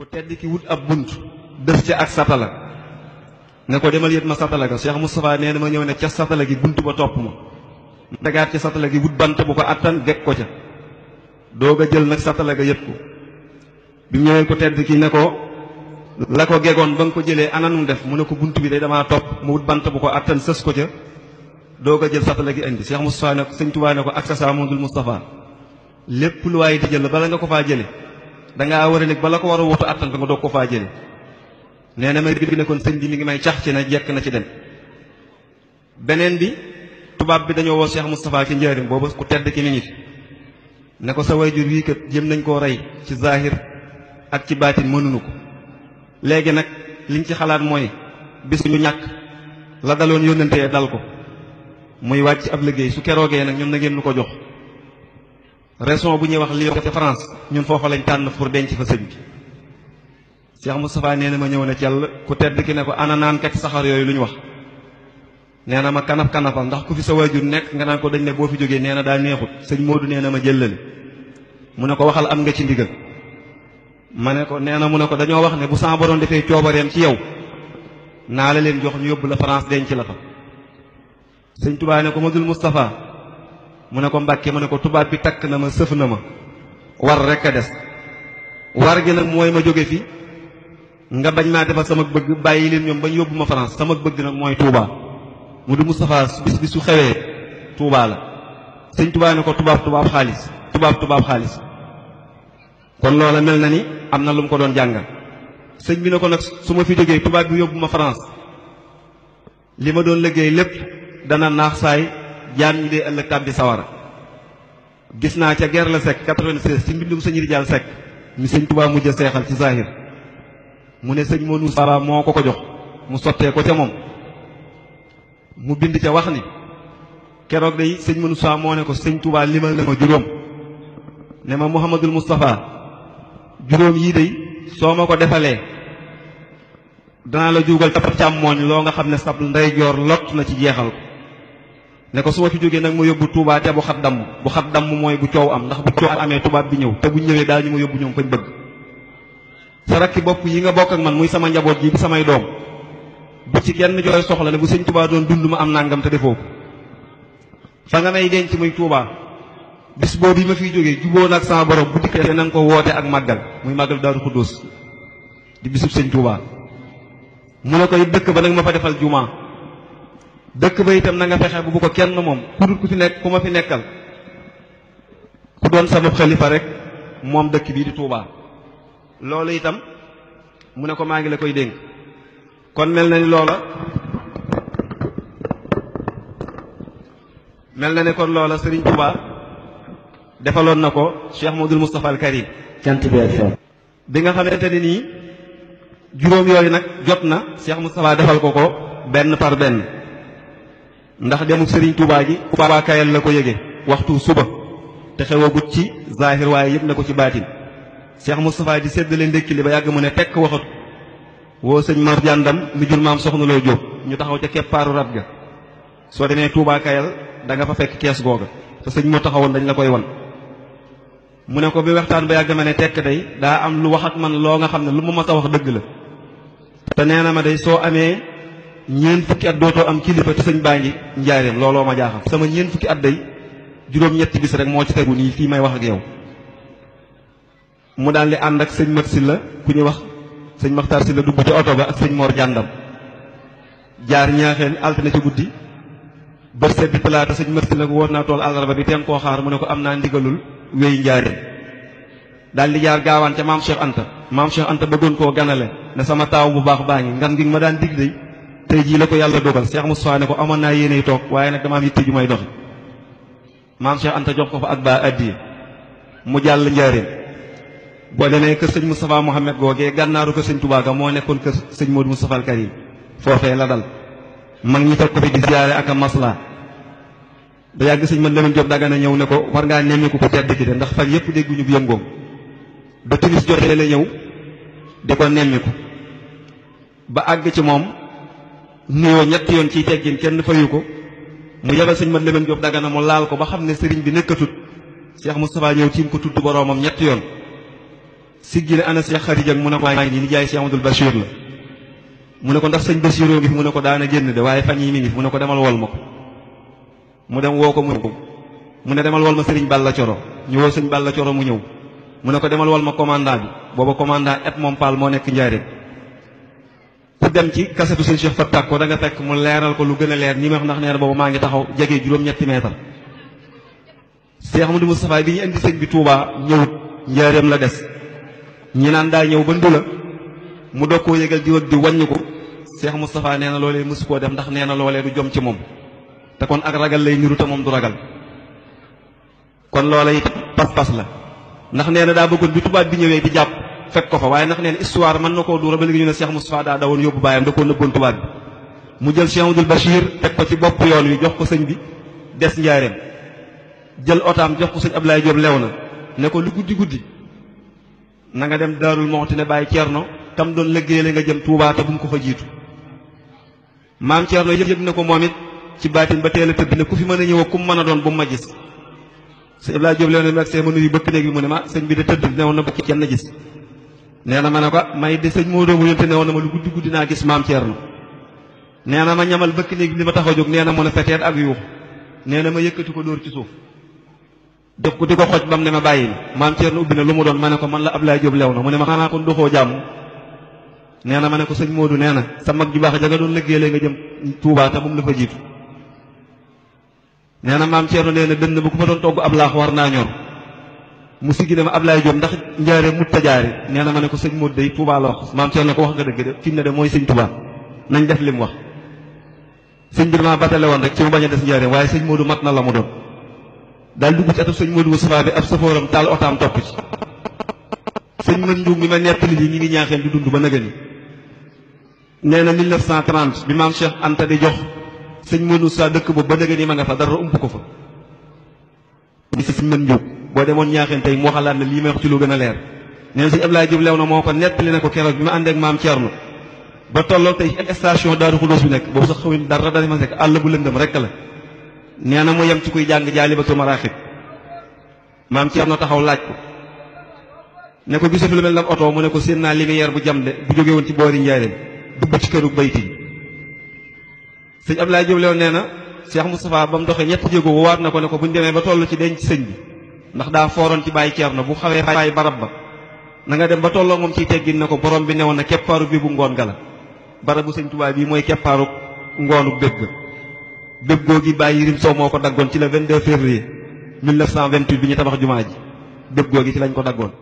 ku tedd ki wut ab bunt def ci ak satala nga ko demal yët ma satala ga Cheikh Moustapha nee ñëw ne ca satala gi bunt ba topp ma dagaat ci satala gi bant bu ko attan geg ko ca doog a jël nag satala ga yët ko bi mu ñëwee ku tedd gegoon ba ko jëlee ananum def mu ne ko bunt bi day damaa topp mu wut bu ko attan sës ko ca doog jël satala gi indi Cheikh Moustapha ne ko ko ak sa Mouhamadoul lépp lu waaye di jël bala nga ko faa jële dangaa war a ba la ko war a wutu attan ko nga doog ko faa jële nee na ma dégg ne kon sëñ bi mi ngi may cax ci na jekk na ci dem beneen bi tubaab bi dañoo woo seex Moustapha ci njaarim boobu ku tedd ki mi ngi ne ko sa wayjur wii kat jëm nañ ko rey ci zahir ak ci baatin mënuñu ko léegi nag liñ ci xalaat mooy bis ñu ñàkk la daloon yónnantee dal ko muy wàcc ab liggéey su keroogee nag ñoom na ngeen lu ko jox région bu ñuy wax Lyon ca France ñun foofa lañ tànn pour denc fa sëñ bi Cheikh Moustapha nee na ma ñëw na cell ku tedd ki ne ko ana naan saxar yooyu lu ñu wax nee na ma kanaf kanafal ndax ku fi sa waajur nekk nga naan ko dañ ne boo fi jógee nee na daa neexut sëñ Modou nee na ma jëllale mu ne ko waxal am nga ci ndigal ma ne ko nee na mu ne ko dañoo wax ne bu sa borom defee coobareem ci yow naa la leen jox ñu yóbbu la France denc la fa sëñ Tuubaa muné ko mbàkke muné ko tuba bi tak na ma seuf na ma war rek a war gi nak moy ma jóge fi nga bañ ma defal sama bëgg bayyi leen ñom bañ yobuma France sama bëgg nak moy tuba mu du bis bisu xewé tuba la señ tuba ne ko tuba tubaab xaalis tuba tubaab kon loola mel na ni amna lu mu ko doon jangal señ bi ne ko nag fi jógee tuba bi yobuma France lima doon liggéey lepp dana nax say jaam ñi dee ëllëg tàbbi sawara gis naa ca ger la sekk 96 ci mbindum sëñ Rijaal sekk mi sëñ Tuubaa mujj seexal ci zahir mu ne sëñ Moodu Sara moo ko ko jox mu sottee ko ca moom mu bind ca wax ni keroog day sëñ Moodu Sara moo ne ko sëñ Tuubaa limal na ma juróom ne ma Mouhamadul Moustapha juróom yii day soo ma ko defalee danaa la juugal tapab càmmooñ loo nga xam ne sab ndeyjoor lott na ci jeexal ne ko su ma fi jógee nag ma yóbbu Touba te bu xat damm bu xat damm mooy bu coow am ndax bu coow amee tubaab bi ñëw te bu ñëwee daal ñu ma yóbbu ñoom fañ bëgg sa rakki bopp yi nga bokk ak man muy sama njaboot ji di samay doom bu ci genn jooy soxla ne bu sëñ Touba doon dund ma am nangam te defoo ko fa nga may denc muy Touba bis boobu yi ma fiy jógee juboo nag sama borom bu dikkee na nga ko woote ak màggal muy màggal Daaru Xuddoos di bisub sëñ Touba dëkk ma fa defal dëkk ba itam na nga fexe bu bu ko kenn moom ku dul ku fi nekk ku ma fi nekkal ku doon sama xalifa rek moom dëkk bii di Touba loolu itam mu ne ko maa ngi la koy dénk kon mel na ni loola mel na ne kon loola Serigne Touba defaloon na ko Cheikh Modou Moustapha al Karim cant bi ak bi nga xamante ne nii juróom yooyu nag jot na Cheikh Moustapha defal ko ko benn par benn ndax demuk Serigne Touba gi Touba Kayal la ko yëge waxtu suba te xewagut ci zahir waaye yëg na ko ci baatin Cheikh Moustapha di séddale ndékki li ba yàgg mu ne tekk waxatu woo sëñ Mor Jàndam mi jur maam soxna loo jóob ñu taxaw ca kepp paaru rab ga soo demee tuubaa Kayal da nga fa fekk kees googa te sëñ moo taxawoon dañ la koy won mu ne ko bi waxtaan ba yàgg ma ne tekk day daa am lu wax ak man loo nga xam ne lu mu ma mas a wax dëgg la te nee na ma day ñeen fukki at doto am kilifa ci sëñ baa njaareem ma jaaxal sama ñeen fukki at day juróom ñetti bis rek moo ci tegu nii fii may wax ak yow mu daal di ànd ak sëñ mat la ku ñu wax sëñ Maxtar si la dugg ci oto ba ak sëñ Mor Jandam jaar ñaaxeen altine ci guddi bër seddi plaata sëñ mat la ko woon naa tool àllarba bi teen koo xaar mu ne ko am ndigalul wéy njaareem daal di jaar gaawaan ca maam Cheikh Anta maam Cheikh Anta bëggoon koo ganale ne sama taaw bu baax baa ngi ngan ngi ma daan tey jii la ko yàlla dogal seex Moustapha ne ko amoon naa yéeney toog waaye nag dama am yitte ju may doxi maam Cheikh Anta jox ko fa ak baa addiye mu jàll njaaréem boo demee kër sëñ Moustapha Mouhamed googee gànnaaru ko sëñ Touba moo nekkoon kër sëñ Modou Moustapha al Karim foofee la dal mag ñi fekk ko fi di ziyaare ak a masla da yàgg sëñ ma Lamine Diop Dagana ñëw ne ko war ngaa nemmiku ko tedd de ndax fan yëpp dégguñu bu yëngoom ba timis jotee la ñëw di nuyoo ñetti yoon ciy teggin kenn fayu ko mu yebal sañ man Lamine Diop Dagana mu laal ko ba xam ne sëriñ bi nekkatut mu Moustapha ñëw tiim ko tudd boroomam ñetti yoon siggi ne ana Cheikh Khadija mu ne ko waay ni nijaay Cheikh Amadou Bachir la mu ne ko ndax sëñ Bachiroo ngi fi mu ne ko daana génn de waaye fan yi mi ngi fi mu ne ko demal wol ma ko mu dem woo ko mu mu ne demal wol ma sëriñ Balla Coro ñu woo sëñ Balla Coro mu ñëw mu ne ko demal wol ma commandant bi booba commandant et moom paal moo nekk Njaaréem ku dem ci kasatu sen cheikh fatta ko da nga fekk mu leral ko lu gëna a leer ñi wax ndax neer bobu ma ngi taxaw jégué juroom ñetti mètre cheikh amadou mustapha bi ñi indi sëñ bi touba ñew njaareem la des ñi naan da ñew ba ndula mu do ko yëgal di di wàññi ko cheikh mustapha neena lolé musu ko dem ndax neena lolé du jom ci mom te kon ak ragal lay niru te mom du ragal kon lolé pass pas la ndax neena da bëggul bi touba bi ñewé di japp fekk ko fa waaye ndax nee na histoire mën na koo duura ba léegi ne Cheikh Moustapha dawoon yóbbu baayam da koo nëbboon tubaab bi mu jël Cheikh Abdoul Bachir teg ko ci bopp yoon wi jox ko sëñ bi des njaareem jël otaam jox ko sëñ Abdoulaye Diop lew na ne ko lu guddi guddi na nga dem Daarul Muxti ne bàyyi Ceerno tam doon liggéeyale nga jëm Tuubaa te bu mu ko fa jiitu maam Ceerno yëg na ko moom it ci baatin ba teel a tëdd ne ku fi mën a ñëw ku mën a doon bu ma gis sëñ Abdoulaye Diop lew mu ak see ma nuyu bi de tëdd newoon na bëkk kenn gis nee na ma ne ko may de sëñ Modou mu yónte ne woon ma lu guddi guddi naa gis maam Thierno nee na ma ñamal bëkk néeg li ma tax a jóg nee na mu ne feteet ak yuux na ma yëkkati ko dóor ci suuf ko xoj ba mu ne bàyyi maam Thierno ubbi na doon ma ne ko man la Ablaye Diop lew na mu ne ma xanaa kon doxoo jàmm nee na ma ne ko sëñ Modou nee na sa mag ju baax ja nga doon liggéeyee nga jëm tuubaa te moom la fa jiitu nee na maam Thierno nee na dënn bu ko fa doon togg ab laax war naa ñor mu siggi ne ma Ablaye Diop ndax njaare mu tajaari nee na ma ne ko sëñ Modou day Touba la wax maam Thierno ko wax nga dëgg de fi mu ne de mooy sëñ Touba nañ def li mu wax sëñ bi damaa batale woon rek ci mu bañ a des njaare waaye sëñ Modou mat na la mu doon daal dugg ci atam sëñ Modou Moustapha bi ab safooram taal otaam topp ci sëñ mën Ndioum mi ñi ngi ñaaxeen di dund ba naga ni nee na 1930 bi maam Cheikh Anta di sëñ Modou Moustapha dëkk boobu ba naga ni ma nga fa dara ump ko fa bi sëñ mën Ndioum boo demoon ñaaxeen tey moo xalaat ne lii may wax ci lu gën a leer nee na sëñ Abdoulaye Diop lew na moo ko nettali ne ko keroog bi ma ànd ak maam Thierno ba tolloo tey station Daaru Xudóos bi nekk boobu sax xawin dara dara ma nekk àll bu lëndëm rek la nee na mu yem ci kuy jàng jaalibatu maraaxib maam Thierno taxaw laaj ko ne ko gisatu lu mel ne oto mu ne ko séen naa lumière bu jam de bu jóge woon ci boori Njaaréem dugg ci këru bayti sëñ Abdoulaye Diop lew nee na Cheikh Moustapha ba mu doxee ñetti jéego waat na ko ne ko bu ñu demee ba toll ci denc sëñ bi ndax daa fooroon ci bàyyi ceer ceerno bu xawee bàyyi barab ba na nga dem ba tolloo moom ciy teggin ne ko borom bi newoon na bi bébbu ngoon ga la barabu sëñ Tuubaa bii mooy kepp keppaaru ngoonu bégg béggoo gi bàyyi rim soo moo ko daggoon ci le 22 février 1928 bi ñu tabax jumaa ji béggoo gi ci lañ ko daggoon